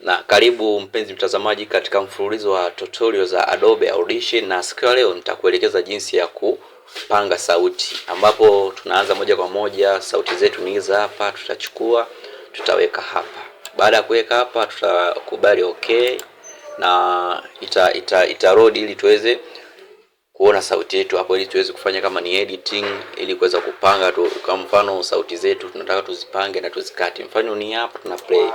Na karibu mpenzi mtazamaji katika mfululizo wa tutorial za Adobe Audition, na siku ya leo nitakuelekeza jinsi ya kupanga sauti, ambapo tunaanza moja kwa moja. Sauti zetu ni hizi hapa, tutachukua tutaweka hapa. Baada ya kuweka hapa, tutakubali okay, na ita, ita, ita load ili tuweze kuona sauti yetu hapo, ili tuweze kufanya kama ni editing, ili kuweza kupanga tu. Kwa mfano sauti zetu tunataka tuzipange na tuzikati, mfano ni hapa tuna play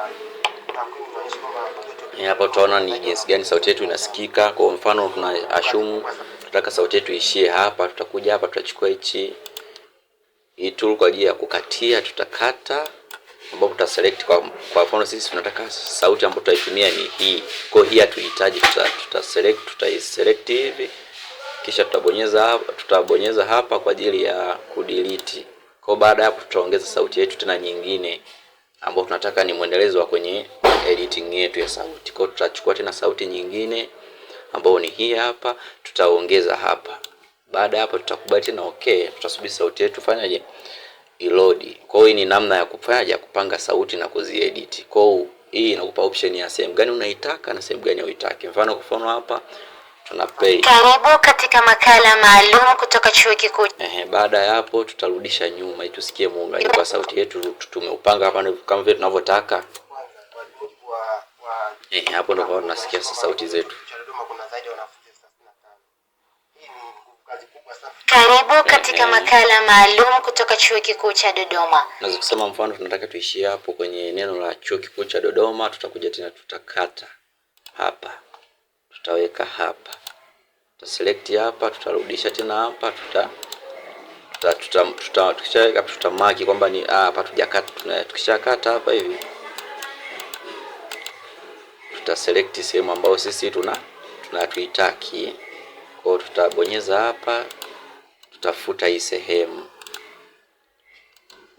hapo tutaona ni jinsi gani sauti yetu inasikika. Kwa mfano, tuna ashumu tunataka sauti yetu ishie hapa, tutakuja hapa, tutachukua hichi hii tool kwa ajili ya kukatia, tutakata ambapo tuta select kwa kwa mfano sisi tunataka sauti ambayo tutaitumia ni hii. Kwa hiyo hii hatuhitaji, tuta, tuta select tuta select hivi kisha tutabonyeza hapa, tutabonyeza hapa kwa ajili ya kudelete. Kwa baada ya hapo tutaongeza sauti yetu tena nyingine ambayo tunataka ni mwendelezo wa kwenye editing yetu ya sauti. Kwa hiyo tutachukua tena sauti nyingine ambayo ni hii hapa, tutaongeza hapa. Baada ya hapo tutakubali tena okay, tutasubiri sauti yetu fanyaje iload. Kwa hiyo ni namna ya kufanyaje kupanga sauti na kuziedit. Kwa hiyo hii inakupa option ya sehemu gani unaitaka na sehemu gani huitaki. Mfano kwa mfano hapa tuna play. Karibu katika makala maalum kutoka chuo kikuu. Eh, baada ya hapo tutarudisha nyuma tusikie muunganiko wa sauti yetu tumeupanga hapa kama vile tunavyotaka. Eh, hapo ndio unasikia sauti zetu. Karibu eh, katika eh, makala maalum kutoka Chuo Kikuu cha Dodoma. Naweza kusema mfano tunataka tuishie hapo kwenye neno la Chuo Kikuu cha Dodoma, tutakuja tena tutakata hapa. Tutaweka hapa. Tutaselect hapa, tutarudisha tena hapa, tuta tuta tuta, tuta, tuta, tuta, tuta, tuta maki kwamba ni ah, hapa tujakata, tukishakata hapa hivi tuta select sehemu ambayo sisi tuna tunatuitaki. Kwa hiyo tutabonyeza hapa, tutafuta hii sehemu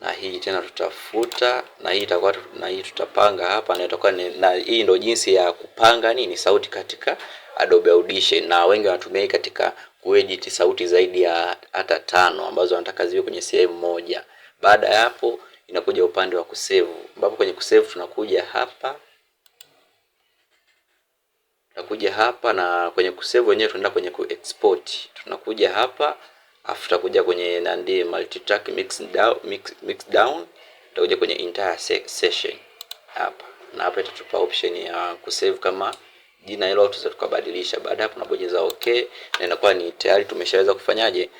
na hii tena tutafuta na hii itakuwa na hii tutapanga hapa na itakuwa na hii ndio jinsi ya kupanga nini sauti katika Adobe Audition, na wengi wanatumia hii katika kuedit sauti zaidi ya hata tano ambazo wanataka ziwe kwenye sehemu moja. Baada ya hapo, inakuja upande wa kusevu ambapo kwenye kusevu tunakuja hapa tutakuja hapa na kwenye kusave wenyewe tunaenda kwenye ku export. tunakuja hapa afu tutakuja kwenye nandi multi track mix down, mix, mix down tutakuja kwenye entire se session hapa, na hapa itatupa option ya kusave kama jina hilo, tuweza tukabadilisha. Baada hapo tunabonyeza okay, na inakuwa ni tayari tumeshaweza kufanyaje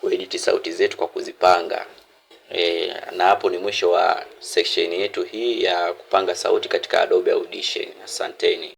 kuedit sauti zetu kwa kuzipanga. E, na hapo ni mwisho wa section yetu hii ya kupanga sauti katika Adobe Audition. Asanteni.